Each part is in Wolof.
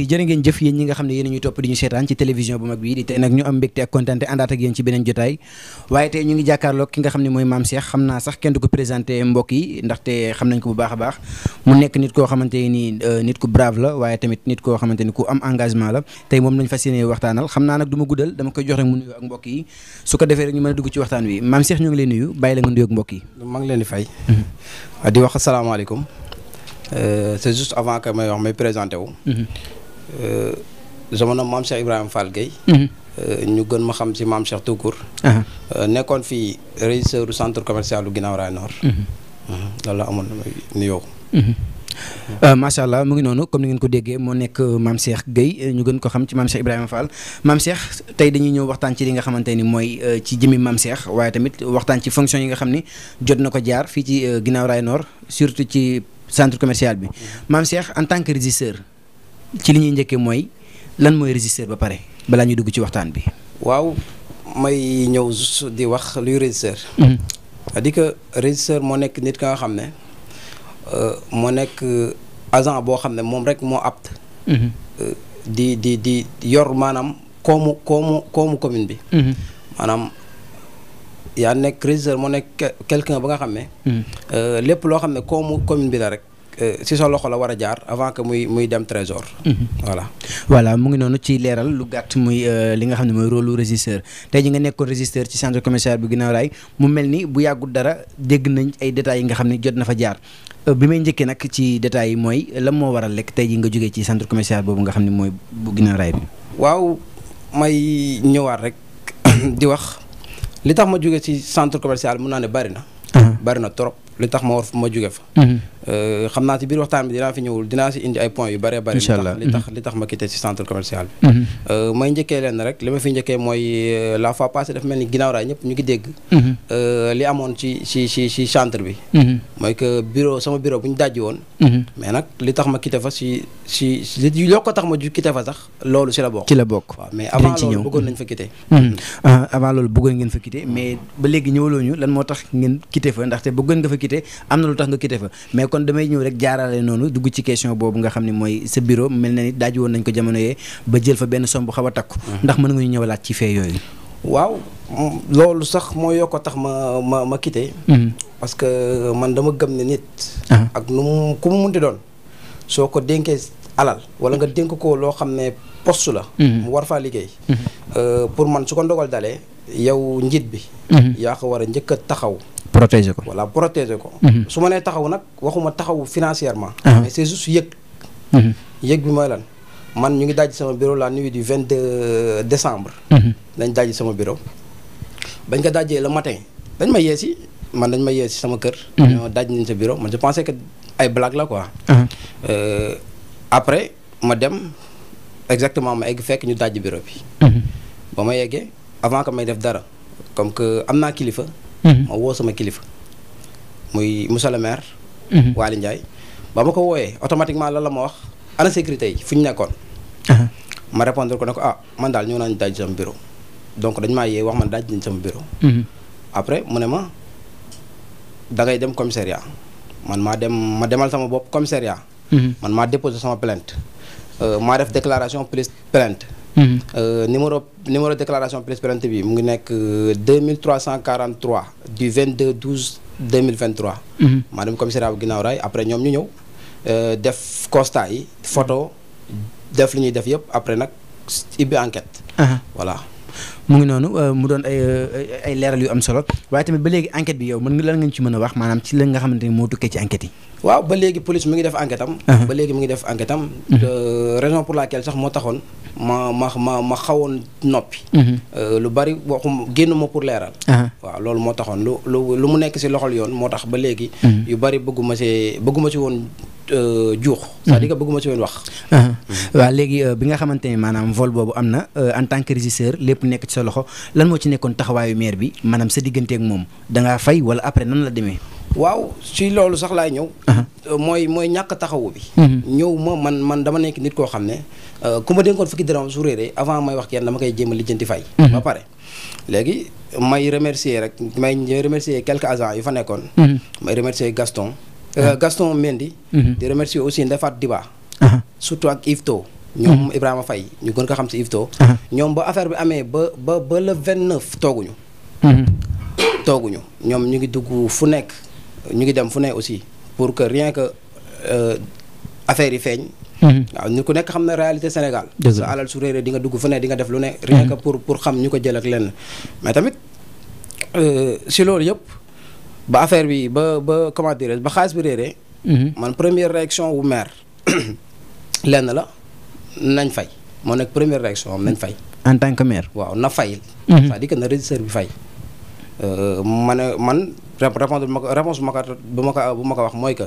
mbokk yi jërë ngeen jëf yéen ñi nga xam ne yéen ñuy topp di ñu seetaan ci télévision bu mag bii di tey nag ñu am mbégte ak kontaan te àndaat ci beneen jotaay waaye tey ñu ngi jàkkaarloo ki nga xam ne mooy Mame Cheikh xam naa sax kenn du ko présenté mbokk yi ndaxte xam nañ ko bu baax a baax mu nekk nit koo xamante nii euh, nit ku brave la waaye tamit nit koo xamante ni ku am engagement la tey moom lañ fas yéene waxtaanal xam naa nag du ma guddal dama koy jox rek mu nuyu ak yi su ko defee rek ñu mën a waxtaan wi Mame Cheikh ngi leen nuyu bàyyi la nga nuyu ak mbokk yi maa ngi di fay mhm. di wax asalaamaaleykum euh, c'est juste avant que may wax may wu mhm. Euh, jamono maam Cheikh Ibrahima Fall Gueye. Mhm. Euh, ñu gën ma xam ci maam Cheikh Toucour. Euh, nekkoon fii régisseur centre commercial bu ginnaaw raay amoon damay nuyoo. Mhm. Mhm. macha mu ngi noonu comme ni ngeen ko déggee moo nekk maam Cheikh Gueye ñu gën ko Ibrahima Fall maam Cheikh tey dañuy ñëw waxtaan ci li nga xamante ni mooy ci jëmmi maam Cheikh waaye tamit waxtaan ci fonction yi nga xam ni jot na ko jaar fii ci ginnaaw raay Nord surtout ci centre commercial bi maam seex en tant que régisseur. ci li ñuy njëkkee mooy lan mooy régisseur ba pare balaa ñuy dugg ci waxtaan bi. waaw may ñëw di wax luy régisseur. Mhm. cest à que régisseur moo nekk nit ka nga xam ne euh, moo nekk agent boo xam ne moom rek moo apte. Mhm. Euh, di di di yor maanaam koomu koomu koomu commune bi. Mhm. maanaam yaa nekk régisseur moo nekk quelqu'un ba nga xam ne. Euh, lépp loo xam ne koomu commune bi la rek. Euh, si sa loxo la war a jaar avant que muy muy dem trésor. Mhm. voilà voilà mu ngi noonu ci leeral lu gàtt muy euh, li nga xam ne mooy rôle régisseur tey ji nga nekkoon régisteur ci centre commercial bu ginnaaw raay mu mel ni bu yàggul dara dégg nañ ay détails yi nga xam ne jot na fa jaar euh, bi may njëkkee nag ci détails yi mooy lan moo waral lekk tey ji nga jógee ci centre commercial boobu nga xam ne mooy bu ginnaaw raay waaw may ñëwaat rek di wax li tax ma jógee ci centre commercial mun naa ne bari na. Uh-huh. bari na trop. li tax ma war ma jóge fa mhm. euh, xam naa ci biir waxtaan bi dinaa fi ñëwul dinaa si indi ay points yu bare bëri li tax mhm. li tax ma quitté si centre commercial bi mhm. euh, may njëkkee leen rek li ma fi njëkkee mooy euh, la fois passée dafa mel ni ginnaaw raay ñëpp ñu ngi dégg li amoon ci ci ci ci centre bi mooy que bureau sama bureau bu ñu dajji woon mais nag li tax ma quitté fa si si li loo tax ma ju quitté fa sax loolu si la bokk ci la bokk waaw mais avant loolu bëggoon nañ fa quitté avant loolu bëggoon ngeen fa quitté mais ba léegi ñëwaloo ñu lan moo tax ngeen quitté fa ndaxte bëggoon nga fa quitté quitté am na lu tax nga quitté fa mais kon damay ñëw rek jaarale noonu dugg ci question boobu nga xam ne mooy sa bureau mel na ni daaj woon nañ ko jamono yee ba jël fa benn somb xaw a takku mm. ndax mën nga ñu ñëwalaat ci fee yooyu waaw loolu sax moo yoo ko tax ma ma ma quitté mm-hmm. parce que man dama gëm ne nit ah. ak nu mu ku mu munti doon soo ko dénkee alal wala nga dénk ko loo xam ne post la mm-hmm. mu war faa liggéey mm-hmm. euh, pour man su ko ndogal dalee yow njiit bi. Mhm. yaa ko war a njëkk a taxaw. protéger ko voilà protéger ko. Mhm. su ma nee taxaw nag waxuma taxaw financièrement. Ah. mais c'est juste yëg. Mhm. yëg man ñu ngi daj sama bureau la nuit du 22 décembre. dañ daj sama bureau. bañ ko dajee le matin dañ ma yeesi man dañ ma yeesi sama kër. ñoo daj nañ sa bureau man je pensais que ay blague la quoi. Ah. Euh, après ma dem exactement ma egg fekk ñu daj bureau bi. ba ma yeggee. avant que may def dara comme que amna kilifa. mo mhm. wo sama kilifa. muy moussa le maire. Mhm. wali Ndiaye. ba ma ko woyé automatiquement la la mo wax ana sécurité yi fu ma répondre ko ne ah man dal ñu nañ daj sama bureau. donc dañ ma yé wax man daj nañ sama bureau. Mhm. après mu ma da ngay dem commissariat man ma dem ma demal sama bop commissariat. man ma déposer sama plainte. Euh, m'a def déclaration plus plainte. Mhm. Euh, numéro numéro déclaration présidente bi mu ngi nekk 2343 euh, du 22 12 2023. maanaam commissariat bu ginnaaw raay après ñoom ñu ñëw euh, def constat yi photo def li ñuy def yëpp après nag ibbi enquête. voilà. mu ngi noonu mu doon ay ay leeral yu am solo waaye tamit ba léegi enquête bi yow mën nga lan nga ci mën a wax maanaam ci la nga xam ni moo tukkee ci enquête yi. waaw ba léegi police mi ngi def enquête am. ba léegi mi ngi def enquête am. Mhm. raison pour laquelle sax moo taxoon. ma ma ma ma xawoon noppi. Mhm. Euh, lu bari waxum génn ma pour leeral. waaw loolu moo taxoon lu lu lu mu nekk si loxol yoon moo tax ba léegi. Mhm. yu bari bëgguma see bëgguma si woon. Euh, juux mhm. c'est-à-dire bëgguma si woon wax waaw léegi euh, bi nga xamante ne maanaam vol boobu am na en tant que régisseur lépp nekk ci sa loxo lan moo ci nekkoon taxawaayu maire bi maanaam sa digganteek moom dangaa fay wala après nan la demee waaw si loolu sax laay ñëw Euh, mooy mooy ñàkk taxawu bi. Mhm. ñëw ma man man dama nekk nit koo xam ne euh, ku ma dénkoon fukki dërëm su réeree avant may wax kenn dama koy jéem a lijjanti fay. Mhm. ba pare léegi may remercier rek may remercier quelques agents yu fa nekkoon. Mhm. may remercier Gaston. Euh, Gaston Mendy. di remercier aussi Ndefat Diba. surtout ak Ifto. ñoom Ibrahima Faye ñu gën ko xam si Ifto. ñoom ba affaire bi amee ba ba ba le 29 tooguñu. tooguñu ñoom ñu ngi dugg fu nekk ñu ngi dem fu nekk pour que rien que euh, affaire yi feeñ. ñu mhm. ko nekk xam na réalité Sénégal. sa alal su réeré di nga dugg fu ne di nga def lu ne. rien que mhm. pour pour xam ñu ko jël ak lenn. mais tamit euh, si loolu yëpp ba affaire bi ba ba comment dire ba xaalis bi réeré. Mhm. man première réaction wu maire lenn la nañ fay moo nekk première réaction am nañ fay. en tant que maire. waaw na fay. c'est-à-dire que na régisseur bi fay. Euh, man man. réponse bi ma ko réponse bu ma ko bu ma ko bu ma ko wax mooy que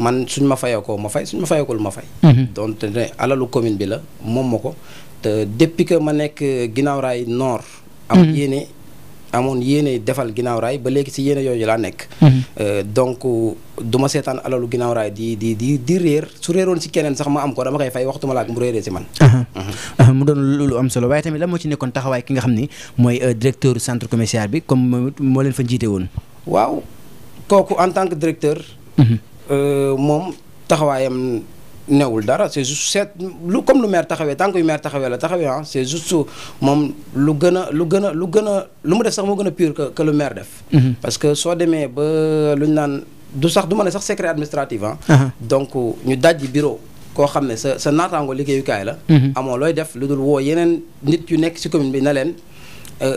man suñ ma fayee ko ma fay suñ ma fayee ko lu ma fay. Mm-hmm. donc te alalu commune bi la moom ma ko te depuis que ma nekk ginnaaw raay nord. am mm-hmm. yéene amoon yéene defal ginnaaw raay ba léegi si yéene yooyu laa nekk. Mm-hmm. Euh, donc du ma seetaan alalu ginnaaw raay di di di di réer su réeroon si keneen sax ma am ko dama koy fay waxtuma laak mu réeree si man. Uh-huh. Uh-huh. mu doon lu am solo waaye tamit la moo ci nekkoon taxawaay ki nga xam ni mooy euh, directeur centre commercial bi comme moo leen fa jiite woon. waaw en tant que directeur. je mhm. euh, suis newul dara C'est juste comme le maire que le maire ah, juste que le maire def. Mhm. parce que soit on a des du secret administratif ah. uh-huh. donc ñu dajji bureau. bureaux ce la. Mhm.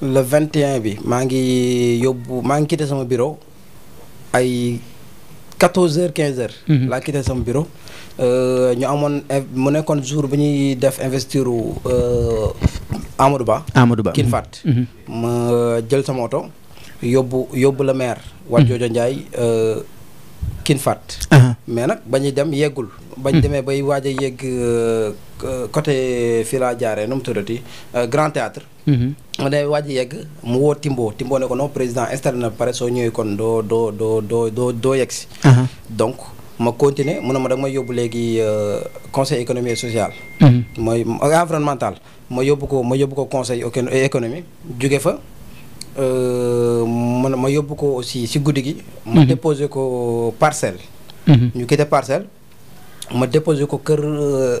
le 21 bi maa ngi yóbbu maa ngi quitté sama bureau ay 14 heures 15 heures. Mhm. laa quitté sama bureau. Euh, ñu amoon mu nekkoon jour bi ñuy def investiture euh, Amadou Ba. Amadou Ba kin mhm. faat mhm. ma jël sama oto yóbbu yóbbu la maire. Wadjojo Ndiaye euh, kin faat mais nag ba dem yeggul. bañ demee bay waaj a Euh, côté fii euh, Grand Théâtre mhm. On Timbo Timbo ko président installé par kon donc ma continuer mu ma euh, conseil économique et social moy mhm. environnemental ma conseil économique Du fa ma aussi si goudi gi ma mhm. déposé ko parcelle ñu parcelle déposé ko kër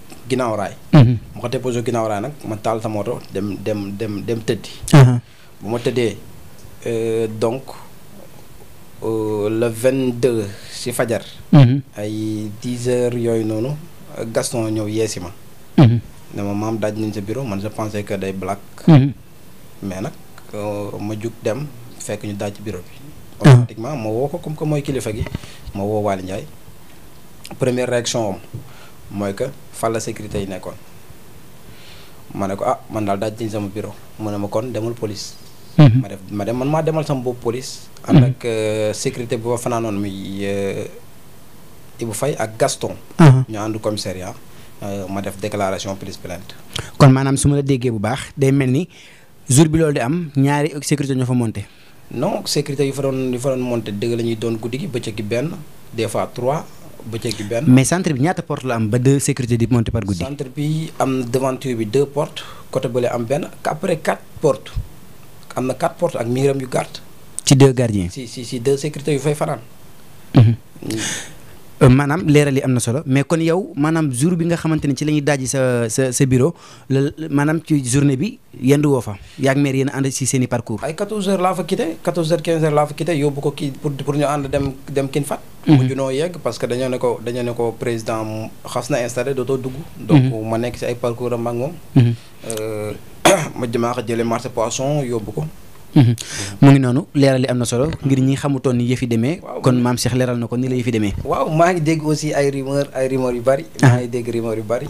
Je raay. Mhm. ko suis ma dem dem euh, donc euh, le 22 si fajar. Mhm. ay 10 h yooyu noonu Gaston ñëw yeesi ma. Mhm. ne ma maam nañ bureau man je pensais que day black. mais nag euh, ma dem fekk ñu daaj ci bureau bi. automatiquement ma comme que kilifa gi ma première réaction mooy que fan la sécurité yi nekkoon ma ne ko ah man daal daal nañ sama bureau mu ne ma kon demul police. Mhm. ma def ma dem man maa demal sama bopp police. ànd mhm. ak euh, sécurité bu ma fanaanoon muy euh, Ibou Faye ak Gaston. Mhm. ñu ànd commissariat euh, ma def déclaration police plainte. kon maanaam su ma la déggee bu baax day mel ni jour bi loolu di am ñaari sécurité ñoo fa monté. non sécurité yu fa doon yu fa doon monté dëgg la ñuy doon guddi gi bëccëg gi benn des fois trois. bëccëg bi benn. mais centre bi ñaata port la am ba deux sécurité di monté par guddi. centre bi am devanture bi deux portes côté bële am benn après quatre port am na quatre portes ak miiram yu gàtt. ci deux gardiens. si si si deux sécurité yu fay fanaan. Mhm. Mm. Euh, maanaam leeral yi am na solo mais kon yow maanaam jour bi nga xamante ni ci la ñuy daaji sa sa sa bureau la maanaam ci journée bi yendu woo fa yaa ngi meer yéen ànd si seen i parcours. ay 14h laa fa quitté 14h 15h laa fa quitté yóbbu ko kii pour ñu ànd dem kin fat mhm. mujj noo yegg parce que dañoo ne ko dañoo ne ko président mu xas na installé dootoo dugg. donc mhm. ma nekk si ay parcours am ak moom. Mhm. Euh, ma jëmaa ko jëlee marché poisson yóbbu ko. Mhm. mu ngi noonu leeral li hamutoni solo ngir ñi xamuton ni yefi kon mam Cheikh leral nako ni la yefi demee waaw ma ngi dégg aussi ay rumeur ay rumeur yu bari ah. ma ngi dégg rumeur yu bari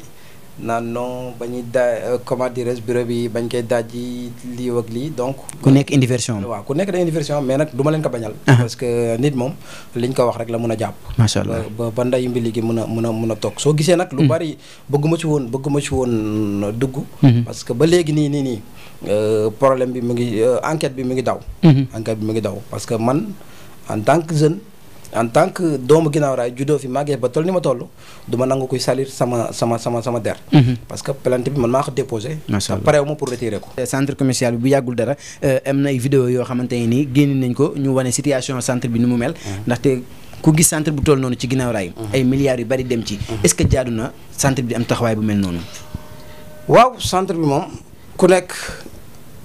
nan non ba da euh, comment dire je bureau bi bañ koy dajji lii wak li donc. ku nek indi version waaw ku nek da indi version mais nak duma ma leen ko bañal. Ah. parce que nit mom liñ ko wax rek la mëna japp jàpp. allah ba ba ndayu mbili gi mëna mëna mën lu mhm. bari bëgguma ci won bëgguma ci won dugg. Mhm. parce que ba légui ni ni Euh, problème bi mu ngi euh, enquête bi mu ngi daw. Mhm. enquête bi mu ngi daw parce que man en tant que jeune. en tant que doomu ginnaaw raay juddoo fi màggee ba toll ni ma toll du ma nangu kuy salir sama sama sama sama der. Mhm. parce que plainte bi man maa ko déposé. pare wu ma pour retirer ko. Euh, centre commercial bi bu yàggul dara am na ay vidéo yoo xamante nii génn nañ ko ñu wane situation centre bi ni mu mel. Mhm. ndaxte ku gis centre bu toll noonu ci ginnaaw raay. ay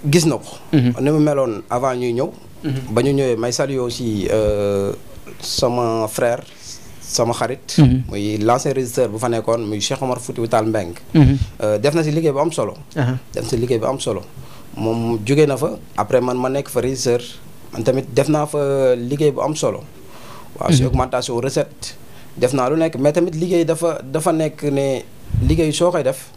gis na ko. Mhm. ni mu meloon avant ñuy ñëw. Mhm. ba ñu ñëwee may saluer aussi euh, sama frère sama xarit. Mhm. muy l'ancien régisseur bu fa nekkoon muy Cheikh Omar fouti wital mbeng euh, def na si liggéey bu am solo. Uh-huh. def si liggéey bu am solo moom jóge na fa après man ma nekk fa régisseur man tamit def naa fa liggéey bu am solo. waaw si augmentation recette def naa lu nekk mais tamit liggéey dafa dafa nekk ne liggéey soo koy def.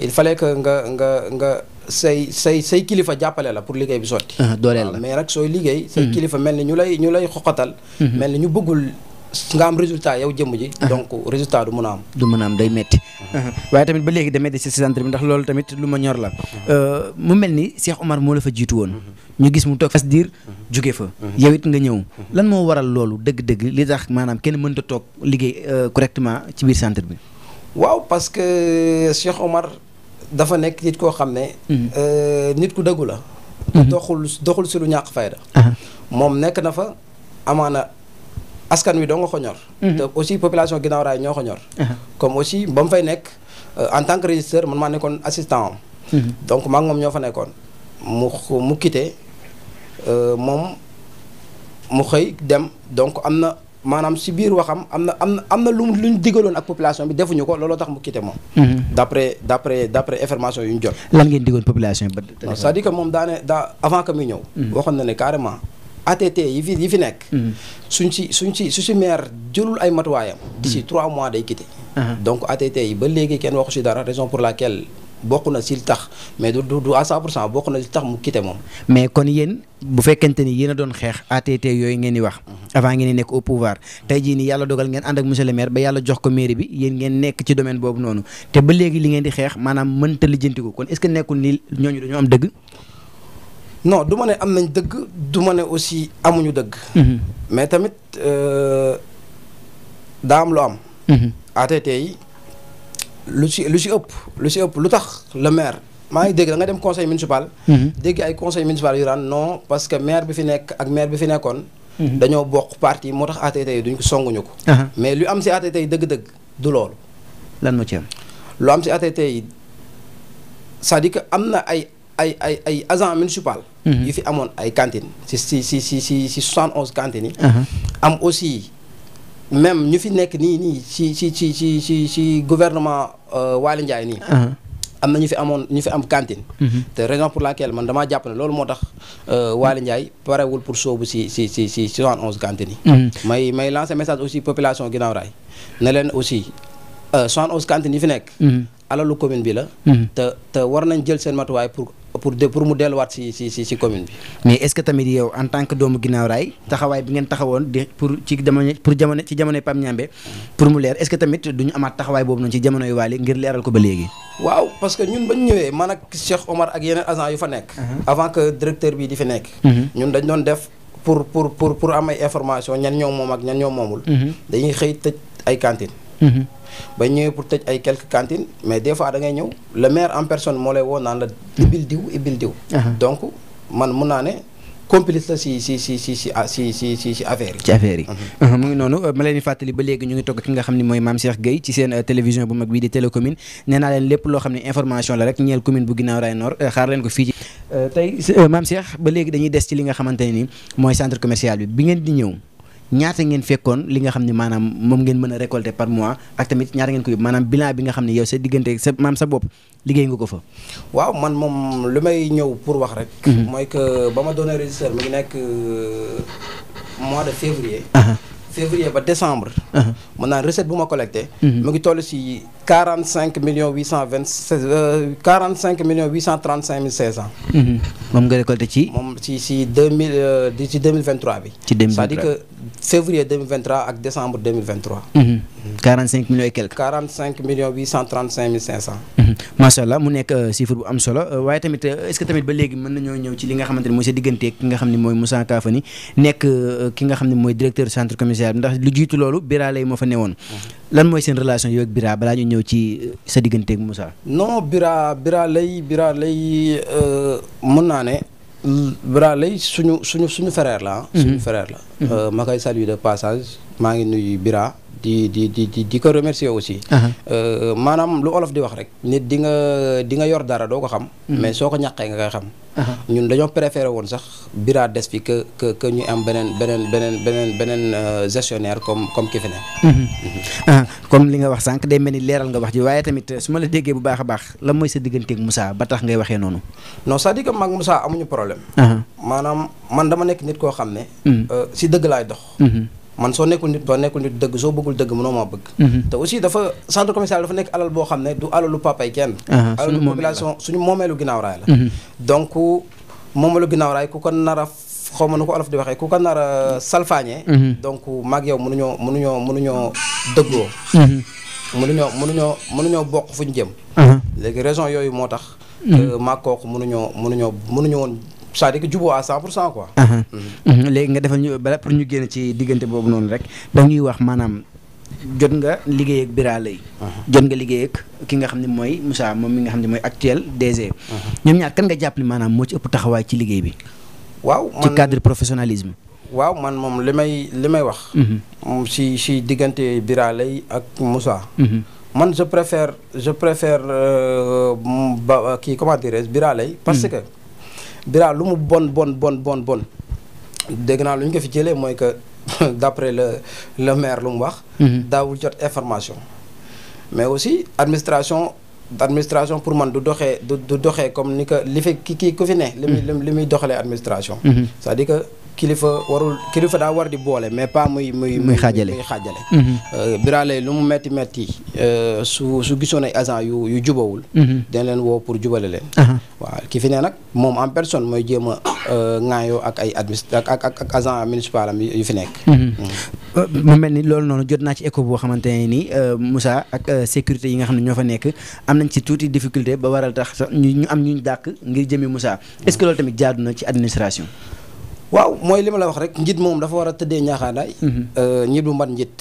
il fallait que nga nga nga. say say say kilifa jàppale la pour liggéey bi sotti. Ah, dooleel la mais rek sooy liggéey. say mm-hmm. kilifa mel ni ñu lay ñu lay xoqatal. Mm-hmm. mel ni ñu bëggul nga am résultat yow jëmm ji. Ah. donc résultat du mën a am. du mën a am day metti ah. waaye tamit ba léegi demee di si centre bi ndax loolu tamit lu ma la. Euh, mu mel ni Cheikh Omar moo la fa jiitu woon. Mm-hmm. ñu gis mu toog fas diir jóge fa. yow nga ñëw. lan moo waral loolu dëgg-dëgg li tax maanaam kenn mënta toog liggéey euh, correctement ci biir centre bi. Omar. dafa nek nit ko xamné mhm. euh nit ku dëggu la. Mhm. doxul doxul si lu ñak fayda. mom nek nafa amana askan wi do nga ko ñor. Mhm. te aussi population ginnaaw raay ñoko ñor. comme aussi bam fay nek euh, en tant que régisseur man maa nekkoon assistant donc ma ngom moom ñoo fa nekkoon mu mu euh mom mu xey dem donc amna maanaam si biir waxam am na am na am na lu ñu digaloon ak population bi defuñu ko looloo tax mu quitté moom. Mhm. d' après d' après d' après yu ñu jot. lan ngeen digoon population bi. c'est-à-dire ne daa avant mhm. ATT yi fi yi fi nekk. Mhm. suñ si suñ si su si maire jëlul ay matuwaayam. d'ici trois mois day quitté. Uh-huh. donc ATT yi ba léegi kenn waxu si dara raison pour laquelle bokk na si tax mais du du à 100 pour cent bokk na si tax mu quitté moom. mais kon yéen bu fekkente ni yéen a doon xeex ATT yooyu ngeen di wax. Mhm. avant ngeen di nekk au pouvoir tey jii nii yàlla dogal ngeen ànd ak monsieur le maire ba yàlla jox ko mairie bi yéen ngeen nekk ci domaine boobu noonu te ba léegi li ngeen di xeex maanaam mënta lijjanti ko kon est ce que nekkul ni ñooñu dañoo am dëgg. non du ma ne am nañ dëgg du ma ne aussi amuñu dëgg. Mhm. mais tamit euh, daa am Le le maire je suis conseil municipal. le mhm. conseil municipal non parce que maire bi fi maire bi fi nekkoon. Mhm. de bokk parti mais lu am ci si si si du c'est-à-dire qu'il y a ay ay municipal. fi cantines ci ci aussi même si fi gouvernement. Euh, Waly Ndiaye nii. am na ñu fi amoon ñu fi am cantine. Mhm. te raison pour laquelle man damaa jàpp ne loolu moo tax euh, Waly Ndiaye parewul pour soobu si si si si soixante onze cantine yi. Mhm. may may lancer message aussi population Guinaw Rail leen aussi euh, soixante onze cantine yi fi nekk. Mhm. alalu commune bi la. te te war nañ jël seen matuwaay pour de pour mu delluwaat si si si si commune bi. mais est-ce que tamit en tant que doomu ginnaaw raay taxawaay bi ngeen taxawoon di pour ci jamono pour pour mu leer est-ce que amaat taxawaay boobu noonu ci jamono yu waali ngir leeral ko ba léegi. waaw parce que ñun bañ ñëwee man ak Cheikh Omar ak yeneen agent yu fa nekk. Uh-huh. avant que directeur bi di fi nekk. Uh-huh. ñun dañ doon def pour pour pour information ñan ñoo moom ak ñan ñoo moomul. Uh-huh. ba ñëwee pour tej ay quelques cantines mais des fois da ngay ñëw le maire en personne mo lay wo nan la ibil diw ibil diw donc man mun naa ne complice la si si si si si si si si si affaire ci affaire yi. Mhm. mu ngi nonu ma leen di fàttali ba légui ñu ngi togg ki nga xamni moy mam Mame Cheikh Gueye ci sen euh, télévision bu mag bi di télécommune nee naa leen lépp loo xam information la rek ñeel commune bu Guinaw ray Nord euh, xaar len ko fi ci. Euh, tey Mame Cheikh ba légui dañuy dess ci li nga xamanteni moy centre commercial bi bi ngeen di ñëw. ñaata ngeen fekkoon li nga xam ne maanaam moom ngeen mën a récolter par mois ak tamit ñaata ngeen ko yóbbu maanaam bilan bi nga xam ne yow sa diggante sa maam sa bopp liggéey nga ko fa. waaw man moom lu may ñëw pour wax rek. Mhm. mooy que ba ma doonee régisseur mi ngi nekk euh, mois de février. février ba décembre. naa recette bu ma collecté. Mhm. mu ngi toll si. 45 millions 826 45 euh, millions 835 mille 500. Mhm. nga récolté ci. ci ci 2023 euh, bi. c'est-à-dire que février 2023 à décembre 2023. 45 mhm. millions et quelques. 45 millions 835 mille 500. Mhm. Euh, chiffre am solo est-ce que tamit ba dit que je ñëw ci li nga centre commercial lan mooy seen relation yow ak Bira balaa ñu ñëw ci euh, sa diggante Moussa. non Bira Bira lay lay euh, mën naa ne. Bira lay suñu suñu suñu frère la ah. Mm-hmm. suñu frère la. Mm-hmm. Euh, ma koy saluer de passage maa ngi nuyu Bira. di di di di di ko remercier aussi. Euh, maanaam lu olof di wax rek. nit di nga di nga yor dara doo ko xam. Hmm. mais soo ko ñàqee nga koy xam. ñun dañoo préféré woon sax bira des fi que que que am beneen beneen beneen beneen euh, gestionnaire comme comme ki fi hmm. Hmm. Ah, comme li nga wax sànq day mel ni leeral nga wax ji waaye tamit su ma la déggee bu baax a baax lan mooy sa digganteeg Moussa ba tax ngay waxee noonu. non c'est-à-dire que mag amuñu problème. maanaam man dama nekk nit koo man soo nekkul nit doo nekkul nit dëgg soo bëggul dëgg mënoo maa bëgg. Mhm. te aussi dafa centre commercial dafa nekk alal boo xam ne du alalu papaay kenn. Ah, alalu population suñu moomeelu ginnaaw raay la. Mhm. donc moomeelu ginnaaw raay ku ko di ku ko mhm. donc maag yow mënuñoo mënuñoo mënuñoo dëggoo. mënuñoo jëm. raison c'est-à-dire que juboo à 100 pour cent quoi. Mm-hmm. Mm-hmm. léegi nga defal ñu bala pour ñu génn ci diggante boobu noonu rek dañuy wax maanaam jot nga liggéey ak Bira jot nga liggéey ki nga xam ne mooy Moussa moom mi nga xam ne mooy actuel DG. ñoom ñaar kan nga jàpp ni maanaam moo ci ëpp taxawaay ci liggéey bi. waaw ci cadre professionnalisme. waaw man moom li may li may wax. Mm-hmm. si si diggante Bira Leye ak Moussa. man je préfère je préfère euh, ba kii comment dirais-je Bira Leye parce que. Bira lu mu bon bon bon bon bon dégg naa lu ñu ko fi jëlee mooy que d'après le le maire lu mu wax. Mhm. daawul jot information. mais aussi administration administration pour man du doxee du doxee comme ni que li fi ki kii ku fi ne. li muy mhm. li muy doxalee administration. Mhm. c'est-à-dire que kilifa warul kilifa daa war di boole mais pas muy muy muy xaajale muy xaajale mhm. euh, biraale lu mu metti metti euh, su su gisoon ay agent yu yu jubawul mhm. dañ leen woo pour jubale leen waaw ki fi ne nag moom en personne mooy jéem a euh, ŋaayoo ak ay administra ak ak agent municipal am yu fi nekk mhm. mm. mu mel ni loolu noonu jot naa ci écho boo xamante ne ni Moussa ak sécurité yi nga xam ne ñoo fa nekk am nañ ci tuuti difficulté ba waral tax sax ñu am ñu dàq ngir jëmi Moussa est-ce que loolu tamit jaadu na ci administration waaw mooy li ma la wax rek njit moom dafa war a tëddee ñaaxaanaay ñi mhm. euh, du mat njit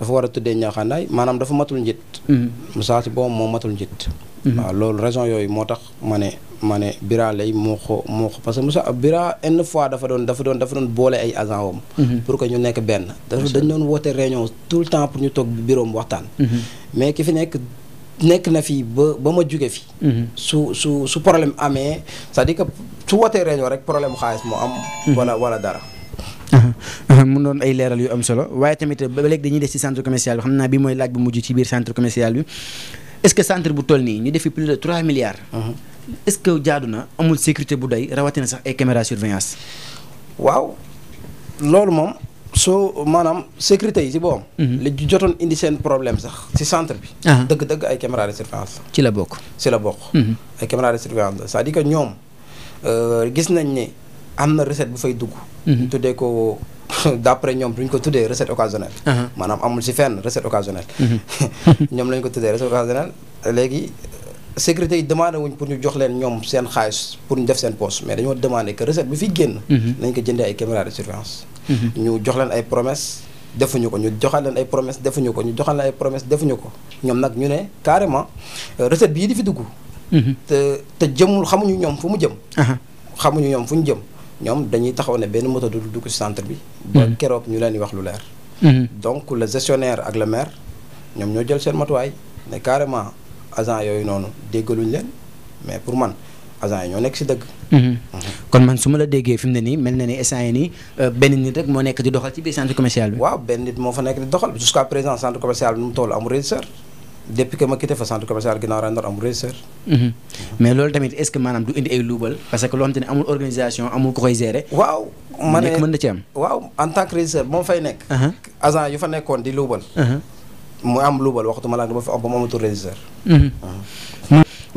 dafa war a tëddee ñaaxaanaay maanaam dafa matul njit mhm. Moussa Sy boobu moo matul njit mhm. waaw loolu raison yooyu moo tax ma ne ma ne Bira lay moo ko moo ko parce que Moussa Bira une fois dafa doon dafa doon dafa doon boole ay agent wam pour que ñu nekk benn dañ doon woote réunion tout le temps pour ñu toog bureau waxtaan mais ki fi nekk nek na fi ba ma jóge fi mhm. su su su problème amé c'est-à-dire que tout wootee réunion rek problème xaliss mo am mhm. wala wala dara ah, ah, mu doon ay leeral yu am solo waaye tamit ba léegi dañuy des ci centre commercial bi xam bi moy laaj bu mujj ci biir centre commercial bi est-ce que centre bu toll ni ñu defi plus de 3 milliards mhm. est-ce que jaadu amul sécurité bu doy na sax ay caméra surveillance waaw loolu moom so maanaam sécurité yi si boppam. Mhm. li jotoon indi seen problème sax si centre bi. Ah. dëgg-dëgg ay caméra de surveillance la. ci la bokk ci la bokk. Mhm. ay caméra de surveillance la c'est-à-dire ñoom euh, gis nañ ni am na recette bu fay dugg. Mhm. tuddee ko d'après ñoom duñ ko tuddee recette occasionnelle. Uh-huh. maanaam amul si fenn recette occasionnelle. ñoom lañ ko tuddee recette occasionnelle léegi. Euh, sécurité yi demandé wuñ pour ñu jox leen ñoom seen xaalis pour ñu def seen poste mais dañoo demandé que recette bi fi génn. nañ ko jëndee ay caméra de surveillance. Mm-hmm. ñu jox leen ay promesse defuñu ko ñu joxal leen ay promesse defuñu ko ñu joxal leen ay promesse defuñu ko ñoom nag ñu ne carrément euh, recette bii di fi dugg. Mm-hmm. te te jëmul xamuñu ñoom fu mu jëm. xamuñu ñoom fu ñu jëm ñoom dañuy taxaw ne benn moto du dugg ci centre bi. Mm-hmm. ba keroog ñu leen di wax lu leer. donc le gestionnaire ak le maire ñoom ñoo jël seen matuwaay ne carrément agent yooyu noonu déggaluñ leen mais pour man. agents yi ñoo nekk si dëgg. kon man su ma la déggee fi mu ne nii mel na ni instant yi benn nit rek moo nekk di doxal ci biir centre commercial bi. waaw benn nit moo fa nekk di doxal jusqu'à présent centre commercial bi mu toll amul régisseur depuis que ma quitté fa centre commercial ginnaaw ren ndoor amul mais loolu tamit est-ce que maanaam du indi ay luubal parce que loo xamante ne amul organisation amul ko koy gérer. waaw ma ne mën na ci am. waaw en tant que régisseur moom fay nekk. agent yu fa nekkoon di luubal. mu am luubal waxtuma la ba fa am ba mu amatul régisseur.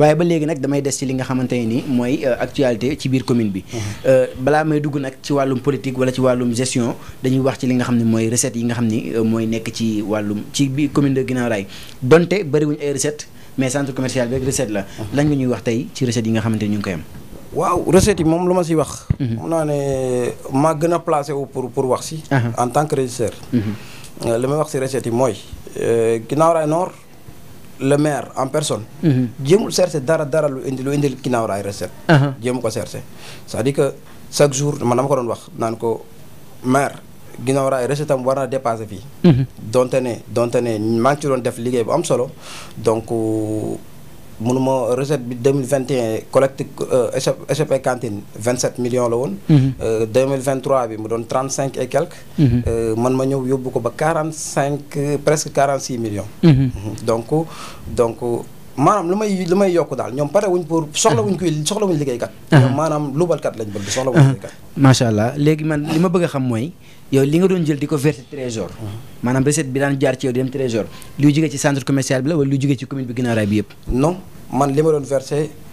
waaye ba léegi nag damay des ci li nga xamante ne nii mooy euh, actualité ci biir commune bi uh-huh. euh, balaa may dugg nag ci wàllum politique wala ci wàllum gestion dañuy wax ci li nga xam ne mooy recette yi nga xam ni euh, mooy nekk ci wàllum ci biir commune de Guinaw Rail donte bëriwuñ ay mais centre commercial bi ak la uh-huh. lan nga ñuy wax tey ci recette yi nga xamante ni ñu ngi koy am waaw recette yi moom lu ma si wax uh-huh. mun naa ne maa gën a placé wu pour pour wax si en tant que régisseur li may wax si recette yi mooy Guinaw Rail noor le maire en personne. Mhm. jéemul chercher dara dara lu indi lu indil ginnaaw raay recette. Uh-huh. jéemu ko chercher c'est-à-dire que chaque jour man dama ko doon wax naan ko maire ginnaaw raay recette am war na dépasser fii. Mhm. donte ne donte ne maa ngi ci doon def liggéey bu am solo donc. Euh, mënuma recette bi 2021 collecte euh, SGP cantine 27 million la woon. 2023 mhm. euh, bi mu doon 35 et quelques. Mhm. Euh, man ma ñëw yóbbu ko ba 45 presque 46 millions. Mhm. donc donc. maanaam lu may lu may yokk daal ñoom pare wuñ pour soxla wuñ kuy soxla wuñ liggéeykat. maanaam lubalkat lañ bëgg soxla wuñ liggéeykat. macha allah léegi man li ma bëgg a xam mooy. yow li nga doon jël di ko verser trésor maanaam recette bi daan jaar ci yow di dem trésor luy jógee ci centre commercial bi la wala luy jógee ci commune bi Guinaw Rail bi yëpp non man li ma doon verser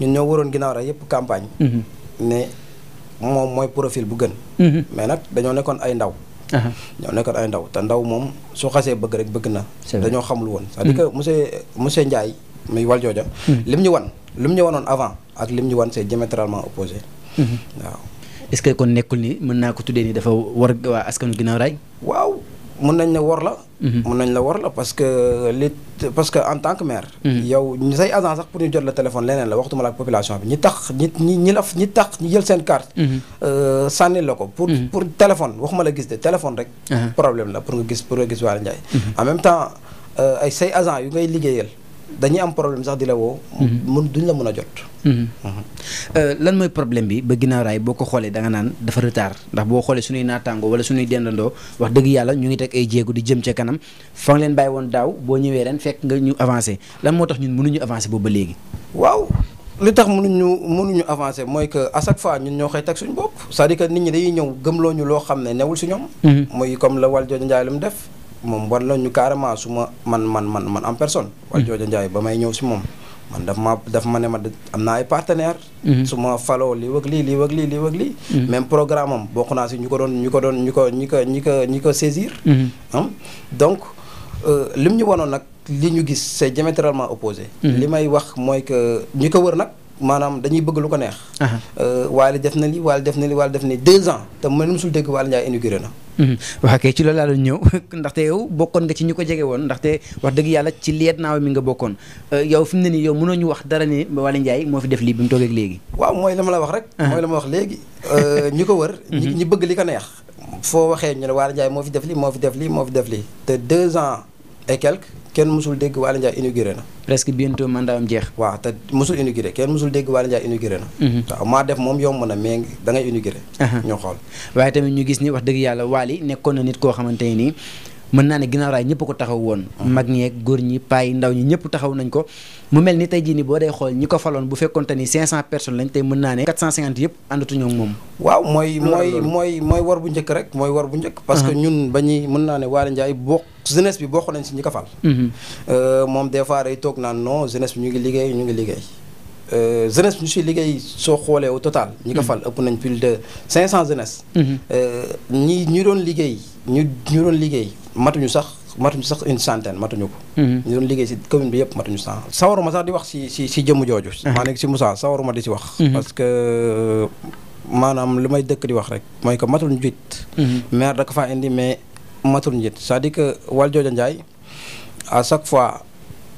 ñun ñoo waroon ginnaaw raay yëpp campagne. Mhm. ne moom mooy profil bu gën. Mhm. mais nag dañoo nekkoon ay ndaw. ñoo nekkoon ay ndaw te ndaw moom su xasee bëgg rek bëgg na. dañoo xamul woon. c'est-à-dire mhm. que monsieur monsieur Ndiaye muy wal jooja. lim ñu wan lim ñu wanoon avant ak lim ñu wan c'est diamétralement opposé. waaw est-ce nekkul ni mën naa ko tuddee ni dafa war waa askanu ginnaaw raay. waaw mën nañ ne wor la Mhm. mën nañ la war la parce que li parce que en tant que maire. Mhm. yow ñu say agent sax pour ñu jot la téléphone leneen la waxtuma la ak population bi ñi tax ñi ñi ñi la ñi tax ñu jël seen carte. Mhm. Euh, sànni la ko. pour pour téléphone waxuma la gis de téléphone rek. problème la pour nga gis pour nga gis Waly Ndiaye. en même temps euh, ay say agent yu ngay liggéeyal. dañuy am problème sax di la woo. Mm-hmm. mun duñ la mën a jot. Mm-hmm. Mm-hmm. Euh, lan mooy problème bi ba ginnaaw raay boo ko xoolee da nga naan dafa retard ndax boo xoolee suñuy naataangoo wala suñuy dendandoo wax dëgg yàlla ñu ngi teg ay jéego di jëm ca kanam fa nga leen bàyyi woon daaw boo ñëwee ren fekk nga ñu avancé lan moo tax ñun mënuñu avancé boobu ba léegi. waaw li tax mënuñu mënuñu avancé mooy que à chaque fois ñun ñoo xëy teg suñu bopp cest à nit ñi day ñëw gëm ñu loo xam ne newul si ñoom. muy comme la wal jooju Ndiaye lu mu def. moom war la ñu carrément su ma man man man man am personne. Hmm. waa jooja Ndiaye ba may ñëw si moom. man daf ma daf ma ne ma am naa ay partenaire hmm. su ma faloo li wëg lii li wëg lii lii wëg lii hmm. même programme am bokk naa si ñu ko doon ñu ko doon ñu ko ñi ko ñi ko ñi ko saisir donc euh, li mu ñu wanoon nag li ñu gis c'est diamétralement opposé li may wax mooy que ñi ko wër nag maanaam dañuy bëgg lu ko neex. Euh, Wally def na li Wally def na li Wally def na li deux ans te man musul dégg Wally Ndiaye inauguré na. Mhm. waaw kay ci loolu laa doon ñëw ndaxte yow bokkoon nga ci ñu ko jege woon ndaxte wax dëgg yàlla ci liet naaw mi nga bokkoon euh, yow fi mu ne nii yow mënoo ñu wax dara ne Wally moo fi def lii bi mu toogee léegi. waaw mooy la ma la wax rek. mooy la ma wax léegi. Euh, ñi ko wër. ñu mhm. bëgg li ko neex. foo waxee ñu ne Wally Ndiaye moo fi def lii moo fi def lii moo fi def lii te deux ans. et quelques kenn musul dégg Waly Ndiaye inauguré na. presque bientôt mandat jeex. waaw te musul inauguré kenn musul dégg Waly Ndiaye inauguré na. Mhm. waaw maa def moom yomb na mais da ngay inauguré. ñu xool waaye tamit ñu gis ni wax dëgg yàlla Waly nekkoon na nit koo xamante ni. mën naa ne ginnaaw raay ñëpp ko taxaw woon mag ñeeg góor ñi paay ndaw ñi ñëpp taxaw nañ ko mu mel ni tey jii ni boo day xool ñi ko faloon bu fekkonte ni 500 personnes lañ tey mën mooy war bu njëkk rek mooy war bu njëkk parce que uh-huh. ñun ba ñuy mën naa ne Waly Ndiaye bi si ñi ko fal uh-huh. euh, moom des fois day toog naan non jeunesse ñu ngi liggéey ñu ngi liggéey euh, jeunesse bi ñu siy soo xoolee au total. ñi ko uh-huh. fal ëpp nañ plus euh, ñi ñu doon liggéey ñu ñu doon liggéey matuñu sax matuñu sax une centaine matuñu ko. Mhm. ñu doon liggéey si commune bi yëpp matuñu cent. sawaruma sax di wax si si si jëmm jooju. Mhm. maa nekk si Moussa sawaruma di si wax. Mhm. parce que maanaam li may dëkk di wax rek. mooy que matul njiit. maire da ko faa indi mais matul njiit cest à que wal jooja Ndiaye à chaque fois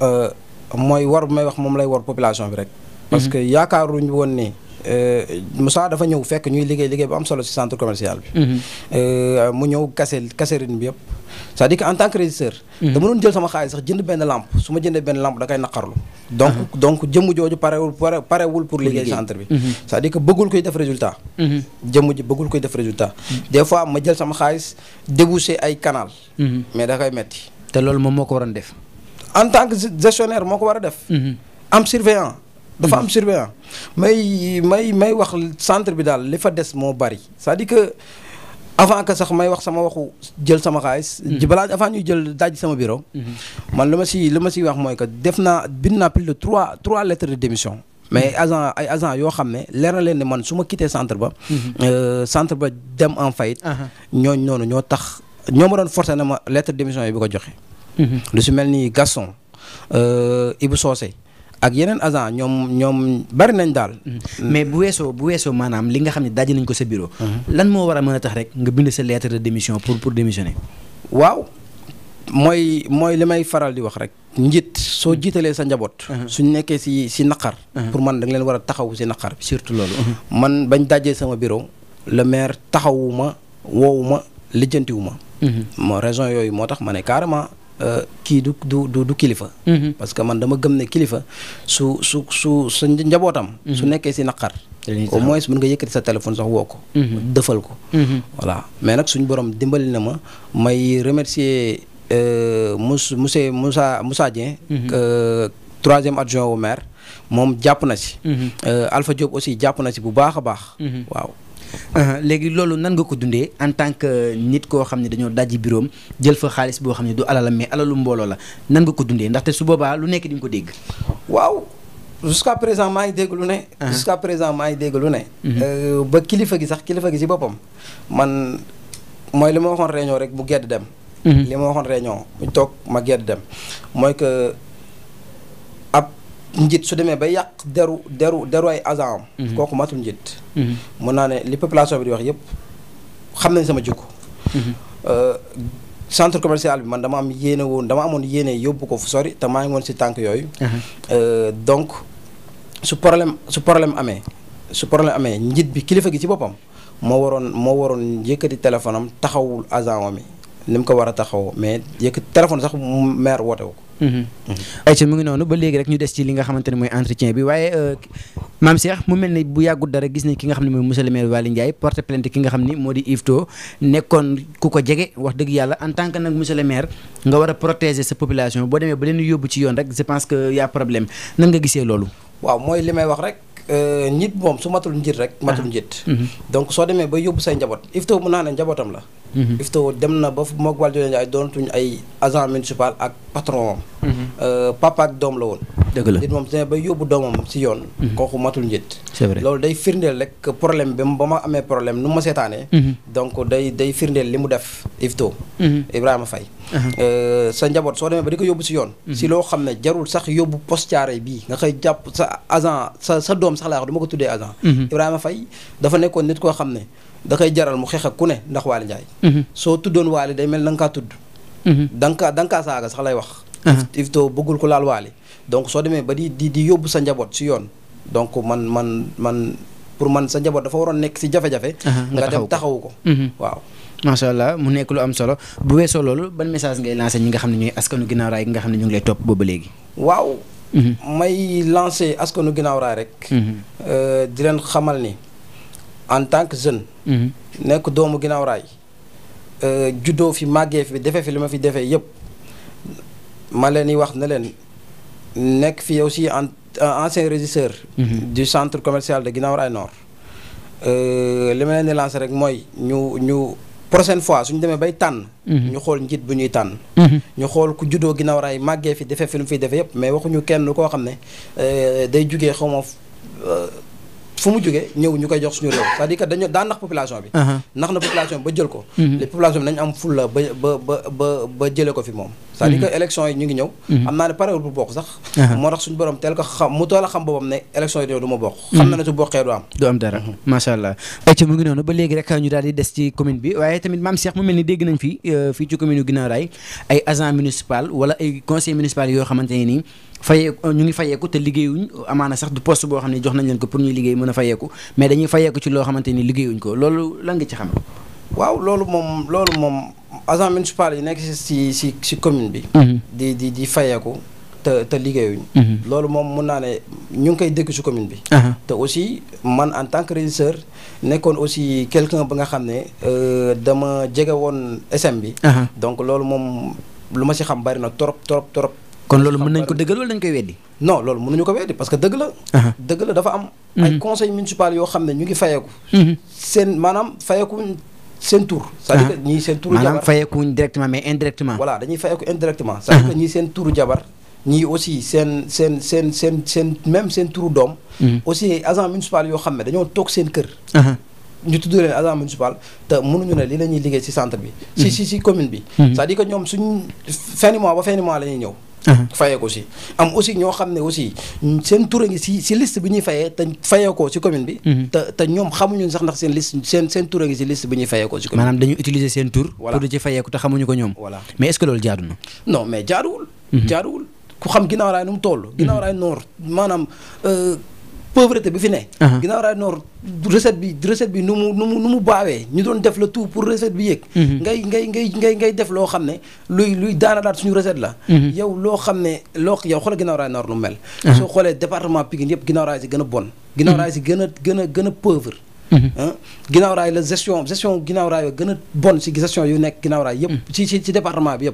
euh, mooy war may wax moom lay war population bi rek. parce que yaakaaruñu woon ni. Euh, Moussa dafa ñëw fekk ñuy liggéey liggéey bu am solo si centre commercial bi. Euh, mu ñëw kase kaserine bi yëpp. c'est-à-dire que en tant que régisseur. Mhm. dama doon jël sama xaalis sax jënd benn lampe su ma jëndee benn lampe da koy naqarlu. donc mhm. donc jëmm jooju parewul pour liggéey centre bi. Mhm. c'est-à-dire que bëggul koy def résultat. jëmm ji bëggul koy def résultat. des fois ma jël sama xaalis débouché ay canal. mais da metti te loolu moom moo ko waroon def. en tant que gestionnaire moo ko war a def. am surveillant. dafa am surveillant may may may wax centre bi daal li fa des moo bari cest à que. avant que sax may wax sama waxu jël sama xaalis. Mm-hmm. balaa avant ñu jël daj sama bureau. Mm-hmm. man luma ci luma ci wax moy que defna binna bind naa plus de trois trois lettres de démission. Mm-hmm. mais agent ay agent yo xamné ne leer na leen ne man suma ma quitté centre ba. euh centre ba dem en faillite. Uh-huh. ñooñ noonu ñoo tax ñoo ma doon forcé na ma lettre de démission yi bi ko joxé lu si melni garçon euh Ibou Socé. ak yeneen agent ñoom ñoom bari nañ daal. Mm. mais bu weesoo bu weesoo maanaam li nga xam ne daj nañ ko sa bureau. Mm-hmm. lan moo war a mën a tax rek nga bind sa lettre de démission pour pour démissionner. waaw mooy mooy li may faral di wax rek. njiit soo mm. jiitalee sa njaboot. Mm-hmm. suñ nekkee si si naqar. Mm-hmm. pour man da leen war a taxaw si naqar surtout loolu. man bañ dajee sama biro le maire taxawuma woowuma lijjantiwuma. moo raison yooyu moo tax ma ne carrément. Euh, kii du du du du kilifa. Mhm. parce que man dama gëm ne kilifa su su su sa njabootam. Mhm. su nekkee si naqar. au moins mën nga yëkkati sa téléphone sax woo ko. Mhm. dëfal ko. voilà mais nag suñu borom dimbali na ma may remercier euh, Mous monsieur Moussa Moussa Dieng. troisième au maire moom jàpp na si. Euh, Alpha Diop aussi jàpp na si bu baax a baax. waaw. Euh, léegi loolu nanga nga ko dundee en tant que nit koo xam ne dañoo dajji biroom jël fa xaalis boo xam ne du alalam mais alalu mbooloo la nanga ko dundee ndaxte su boobaa lu nekk di nga ko dégg. waaw jusqu'à présent maa ngi dégg lu ne. Uh-huh. jusqu'à présent maa ngi dégg lu ne. Uh-huh. Euh, ba kilifa gi sax kilifa gi ci boppam man mooy li ma waxoon réunion rek bu gedd dem. Uh-huh. li ma waxoon réunion mu toog ma gedd dem mooy que. njiit su demee ba yàq deru deru deru ay agent am mhm. kooku matul njit mhm. mun naa ne li population bi di wax yëpp xam nañ sama jikko mhm. euh, centre commercial bi man dama am yéene woon dama amoon yéene yóbbu ko fu sori te maa ngi woon si tànk yooyu euh, donc su problème su problème amee su problème amee njiit bi kilifa gi ci boppam moo waroon moo waroon yëkkati téléphone am taxawul agent am ni mu ko war a taxaw mais yëkk téléphone sax mu woote wu ko. Mhm. Mhm. ayca mu ngi noonu ba léegi rek ñu des ci li nga xamante ne mooy entretien bi waaye euh, maam Cheikh mu mel ne bu yàggut dara gis nañ ki nga xam ne mooy monsieur le maire Waly porte plainte ki nga xam ni moo di Yvetot nekkoon ku ko jege wax dëgg yàlla en tant que nag monsieur le maire nga war a protéger sa population boo demee ba leen yóbbu ci yoon rek je pense que y' problème nan nga gisee loolu. Euh, nit moom su matul njit rek ah. matul njit mhm. donc soo demee ba yóbbu say njaboot iftaw mun naa ne njabootam la mhm. iftaw dem na ba mook wàl jone Njaay doonatuñ ay agent municipal ak patron am mhm. euh, papa ak doom la woon dëgg la nit moom su demee ba yóbbu doomam si yoon kooku matul njit loolu day firndeel rek problème ba ma amee problème nu ma seetaanee donc day day firndeel li mu def iftaw Ibrahima fay Euh, sa njaboot soo demee ba di ko yóbbu si yoon mhm. si loo xam ne jarul sax yóbbu poste Thiaroye bii nga koy jàpp sa agent sa sa doom sax laa wax du ma ko tuddee agent mhm. Ibrahima fay dafa nekkoon nit koo xam ne da jaral mu xeex ak ku ne ndax Waly Ndiaye mhm. soo tuddoon Waly day mel na tudd da nga kaa sax lay wax iftoo bëggul ko laal Waly donc soo demee ba di di di yóbbu sa njaboot si yoon donc man man man pour man sa njaboot dafa waroon nekk si jafe-jafe nga dem taxawu ko waaw macha allah mu nekk lu am solo bu weesoo loolu ban message ngay lancé ñi nga xam ne ñooy askanu ginnaaw raay nga xam ne ñu ngi lay topp booba léegi. waaw. Mhm. may lancé askanu ginnaaw raay rek. Mhm. Euh, di leen xamal ni en tant que jeune. Mhm. nekk doomu ginnaaw raay. Euh, juddoo fi màggee fi defee fi li ma fi defee yëpp ma leen di wax ne leen nekk fi aussi en ancien régisseur. du centre commercial de ginnaaw raay nord. Euh, li ma leen di rek mooy ñu ñu. prochaine fois suñu demee bay tànn. Mhm. ñu xool njiit bu ñuy tànn. Mhm. ñu xool ku juddoo ginnaaw raay màggee fi defee fi lu mu fiy defee yëpp mais waxuñu kenn koo xam ne euh, day jugee xaw ma euh, fu mu jógee ñëw ñu koy jox suñu réew c'est-à-dire que dañu daa nax population bi uh-huh. nax na population ba jël ko mm-hmm. les population bi nañu am fulla ba ba ba ba ba jëlee ko fi moom c'est-à-dire que mm-hmm. yi ñu ngi ñëw mm-hmm. am naa ne parewul bu bokk sax uh-huh. moo tax suñu borom teel ko xam mu teel a xam boobam ne élection yi ñëw du ma bokk xam na ne su bokkee du am du am dara macha allah pecc mu ngi noonu ba léegi rek ñu daal di des ci commune bi waaye tamit maam Cheikh mu mel ni dégg nañ fii euh, fii ci commune yu Guinaw Rail ay agent municipal wala ay conseil municipal yoo xamante ne nii fayee ñu ngi fayeeku te liggéeyuñ amaana sax du post boo xam ne jox nañ leen ko pour ñuy liggéey mën a fayeeku mais dañuy fayeeku ci loo xamante ni liggéeyuñ ko loolu lan nga ci xam. waaw loolu moom loolu moom agent municipal yi nekk si si si commune bi. Mhm. di di fayeeku te te liggéeyuñ. Mhm. loolu moom mun naa ne ñu ngi koy dégg si commune bi. te aussi man en tant que régisseur nekkoon aussi quelqu'un ba nga xam ne euh, dama jege woon SM bi. donc loolu moom lu ma si xam bari na trop trop trop. kon loolu mën nañ ko dëggal wala dañ koy weddi non loolu mënuñu ko weddi parce que dëgg la dëgg la dafa am mhm. ay conseil municipal yoo xam ne ñu ngi fayeeku mhm. seen maanaam fayeekuñ seen tur c'est-à-dire ñii seen turu jabar maanaam fayeekuñ directement mais indirectement voilà dañuy fayeeku indirectement c'est-à-dire que ñii seen turu aussi seen seen seen seen seen même seen turu doom mhm. aussi agent municipal yoo xam ne dañoo toog seen kër ñu tudd leen agent municipal te mënuñu ne lii la ñuy liggéey si centre bi si si commune bi cest di dire que ñoom suñ fin du mois ba fin du la ñuy ñëw Uh-huh. fayee ko si am aussi ñoo xam ne aussi seen tur a ngi si si liste bi ñuy fayee te fayee si commune bi uh-huh. te te ñoom xamuñu sax ndax seen liste a ngi si liste bi ñuy fayee si commune maanaam dañu utiliser seen tur pour di ci fayee ko te xamuñu ko ñoom voilà mais est loolu jaadu na non mais jaaduwul uh-huh. jaaduwul ku xam ginnaaw raay nu mu toll ginnaaw noor maanaam euh, pauvreté bi fi ne. ginnaaw raay noor recette bi recette bi nu mu nu mu nu mu baawee ñu doon def la tout pour recette bi yëg. Mhm. ngay ngay ngay ngay ngay def loo xam ne luy luy daanalaat suñu recette la. Mhm. yow loo xam ne loo yow xoolal raay noor lu mel. soo xoolee département Pikine yëpp ginnaaw raay si gën a bon. ginnaaw mhm. raay si gën a a a ah, a bon si gestion yu nekk ginnaaw raay yëpp. ci ci bi yëpp.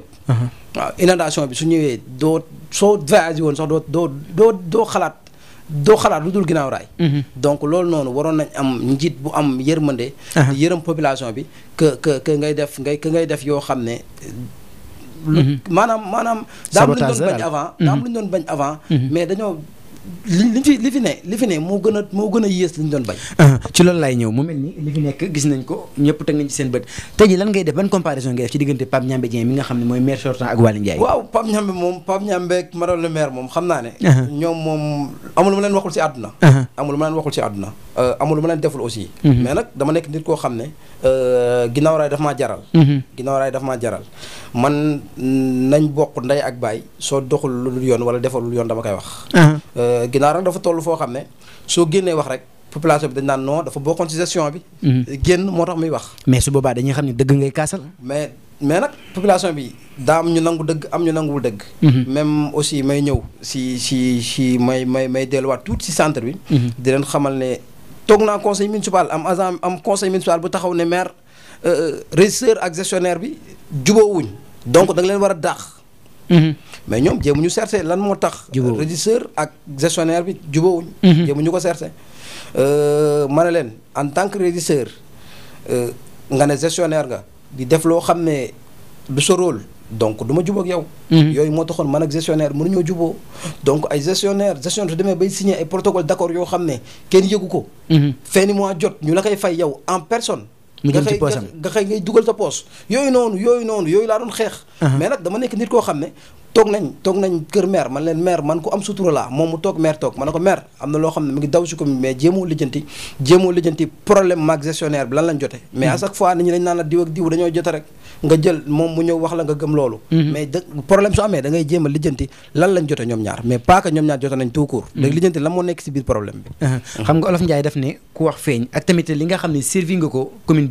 waaw inondation bi su ñëwee doo soo voyage woon sax doo doo doo xalaat. doo xalaat lu dul ginnaaw raay. Mhm. donc loolu noonu waroon nañ am njiit bu am yërmande. Uh-huh. di yërëm population bi que que que ngay def ngay que ngay yoo xam ne. Mhm. maanaam maanaam. sabotage mhm. daam lu ñu doon bañ avant. daam lu ñu bañ avant. mais dañoo. li li fi li fi ne li fi ne moo gën a moo gën a yées li ñu doon bañ. Ah, ci loolu laay ñëw mu mel ni li fi nekk gis nañ ko ñëpp teg nañ seen bët tey ji lan ngay def ban comparaison ngay def ci diggante Pape Niambé Dieng mi nga xam ne mooy maire sortant ak Waly waaw Pape Niambé moom Pape Niambé ak madame moom xam naa ne. Ah. ñoom moom amul ma leen waxul ci lu ma leen waxul ci àdduna. Ah. Euh, amul lu ma leen deful aussi. Mhm. mais nag dama nekk nit koo xam ne euh, ginnaaw raay daf maa jaral. Mhm. ginnaaw raay daf maa jaral man nañ bokk ndey ak baay soo doxul lu yoon wala defalul yoon dama koy wax euh, Euh, général dafa tollu fo xamné so soo wax rek population bi dañ nan non dafa bokkoon ci gestion bi. Mhm. génn motax muy wax. mais su boba dañuy xamni deug ngay kassal mais mais nak population bi daa am ñu nangu deug am ñu nangul deug mhm. même aussi may ñew si si si may may may delluwaat tuuti si centre bi. Mhm. di len xamal né tok na conseil municipal am agent am conseil municipal bu taxaw né maire euh, euh régisseur ak gestionnaire bi wuñ donc da nga len wara a Mm-hmm. mais ñoom ñu certé lan moo tax. régisseur ak gestionnaire bi jubóowuñ. Mm-hmm. ñu ko certé. Euh, ma ne leen en tant que régisseur euh, nga ne gestionnaire nga di def loo xam ne du sa donc du ma jubóog yow. Mm-hmm. yooyu moo taxoon man ak gestionnaire mënuñoo jubóo donc ay gestionnaire gestion su demee bay signé ay protocole d'accord yoo xam ne kenn yëgu ko. fin du mois jot ñu la kay fay yow en personne. mu jëm ci poosam nga xëy ngay dugal sa poos yooyu noonu yooyu noonu yooyu laa doon xeex mais nag dama nekk nit koo xam ne toog nañ toog nañ kër maire man leen maire man ku am sutura laa moom mu toog maire toog ma ne ko maire am na loo xam ne mu ngi daw si commune mais jéemoo lijjanti jéemoo lijjanti lan hmm. hmm. a hmm. moo nekk si biir problème bi uh-huh. xam nga olof Ndiaye def ne ku wax feeñ ak tamit li nga xam ne servi ko commune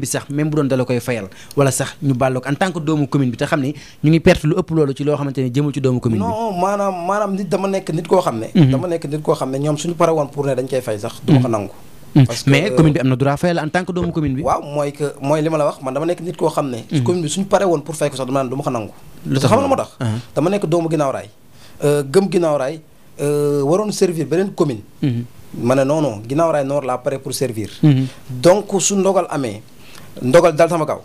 bi sax même bu doon la koy fayal wala sax ñu bàlloog en tant que doomu commune bi te xam ne ñu ngi perte lu ëpp loolu ci loo xamante ne jëmul ci doomu commune bi non maanaam la wax noor laa pare pour servir mhm. donc su ndogal amee ndogal dal sama kaw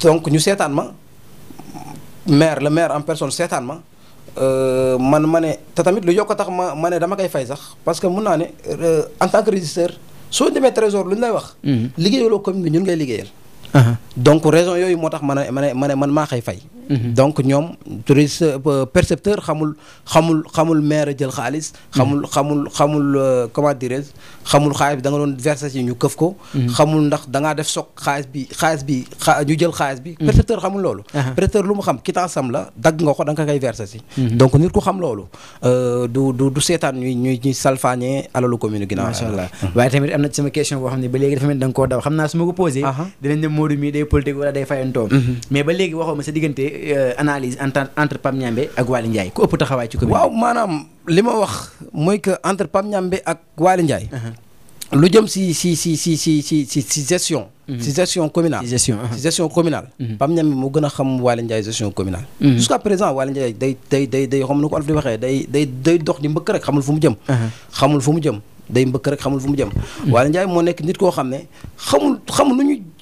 donc ñu seetaan ma maire le maire en personne seetaan ma euh, man mané ne tamit lu yokk tax ma mané dama kay fay sax parce que mun naa ne euh, en tant que régisseur soo demee trésor lu lay wax. Mhm. liggéeyaloo commune ñun ngay liggéeyal. donc raison yoyu motax mané mané man ma xey fay. donc ñom touriste percepteur xamul xamul xamul maire jël xaalis. xamul xamul xamul comment dire xamul xaalis da nga don verser ci ñu keuf ko. xamul ndax da nga def sok xaalis bi xaalis bi ñu jël xaalis bi. percepteur xamul lolu percepteur lu mu xam quittance sam la dag nga ko da nga kay verser ci. donc nit ku xam lolu euh du du seetaan ñuy ñuy salfañé salfaañee alalu commune Guinaw. macha allah waaye tamit amna ci sama question bo xamni ba légui dafa mel dang ko daw xamna naa su ma ko posé. dinañ ne Modou mi day politique wala day fayantoo. mais ba légui waxo ma sa digënté Euh, analyse entre Pam Niambe ak que entre Pam Niambe ak uh-huh. si si si si si jusqu'à présent day day day day day day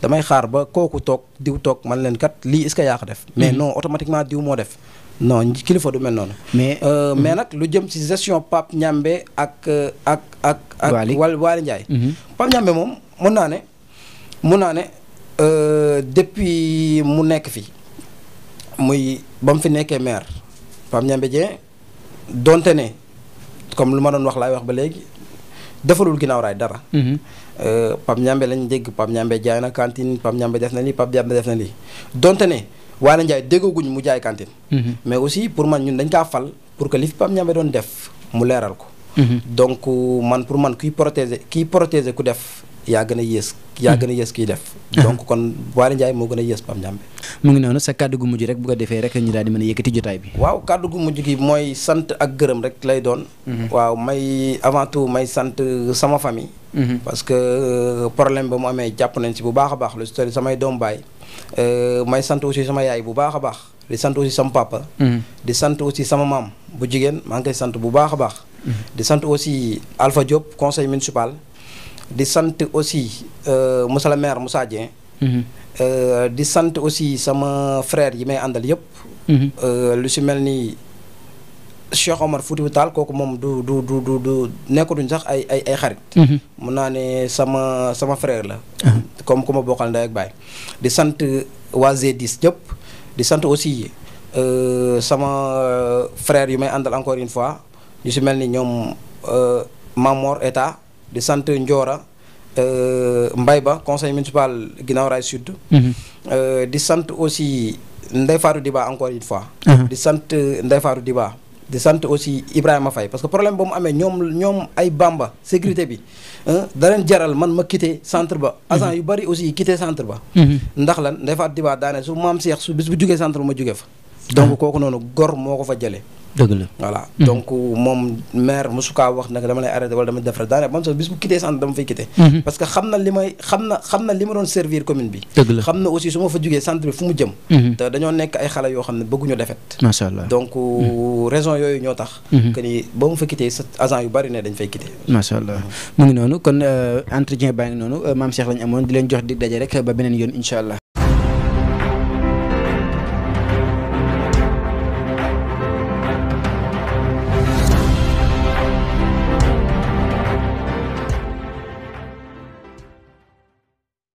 damay xaar ba kooku toog diw toog man leen kat lii est-ce que yaa ko def. mais mm-hmm. non automatiquement diw moo def. non kilifa du mel noonu. mais euh, mm-hmm. mais nag lu jëm ci gestion Pape Ñambe euh, ak ak ak. ak wal Waly Ndiaye. Mm-hmm. Pape Ñambe moom mun naa ne mun naa ne euh, depuis mu nekk fi muy ba mu fi nekkee maire Pape Ñambe Dieng donte ne comme lu ma doon wax laay wax ba léegi. defalul ginnaaw raay dara. Mhm. Euh, Pape Ndiambé lañ dégg Pape Ndiambé jaay na cantine Pape Ndiambé def na lii Pape Ndiambé def na lii donte ne Waly Ndiaye déggaguñ mu jaay cantine. Mhm. mais aussi pour man ñun dañ kaa fal pour que li fi Pape Ndiambé doon def mu leeral ko. Mhm. donc euh, man pour man kuy protéger kiy protéger ku def yaa gën a yées yaa hmm. gën a yées kiy def donc kon Waly Ndiaye moo gën a yées Pape Ndiambé mu ngi noonu sa kàddu gu mujj rek bu a defee rek ñu daal di mën a yëkkati jotaay bi waaw kàddu gu mujj gi mooy sant ak gërëm rek lay doon hmm. waaw may avant tout may sant sama famille hmm. parce que euh, problème ba mu amee jàpp nañ si bu baax a baax lu si samay doom baay euh, may sant aussi sama yaay bu baax a baax di sant aussi sama papa di sant aussi sama maam bu jigéen maa ngi koy sant bu baax a di sante aussi euh Moussa Lamer Moussa mhm. euh di sante aussi sama frère yi may àndal yëpp mhm. euh, lu si mel Cheikh Omar Fouti Tall koku mom du du du du du nekkatuñ sax ay ay ay xarit mhm. mun ne sama sama frère la ah. comme ku bokal bokkal ndey ak waze di sante wa z 10 yëpp di sante aussi euh, sama euh, frère yu may andal encore une fois ñu ci melni ñom euh Mamor État de centre Ndiora euh, Ba conseil municipal Guinaw Rail Sud. Mhm. Euh, di sant aussi Ndeye Fatou Diba encore une fois. Mhm. di sant euh, Ndeye Fatou Diba. di sant aussi Ibrahima Faye parce que problème ba mu amee ñoom ñoom ay Bamba sécurité bi mhm. hein, da leen jaral man ma quitté centre ba. agent yu bari aussi quitté centre ba. ndax lan Ndeye Fatou Diba daane su mam Cheikh su bis bu jugee centre ba ma jugee fa. donc kooku nonu gor moko fa jalé. dëgg la voilà donc moom maire mosu kaa wax nag dama lay arrêté wala dama defar daanaka man sax bis bu quitté centre dama fay quitté. parce que xam na li may xam na xam na li ma doon servir commune bi. dëgg la xam na aussi su ma fa jugee centre bi fu mu jëm. te dañoo nekk ay xale yoo xam ne bëgguñu defet. macha allah donc raison yooyu ñoo tax. que ni ba mu fa quitté sa agent yu bari ne dañ fay quitté. macha allah mu ngi noonu kon entretien baa ngi noonu maam Cheikh lañ amoon di leen jox dig daje rek ba beneen yoon incha allah.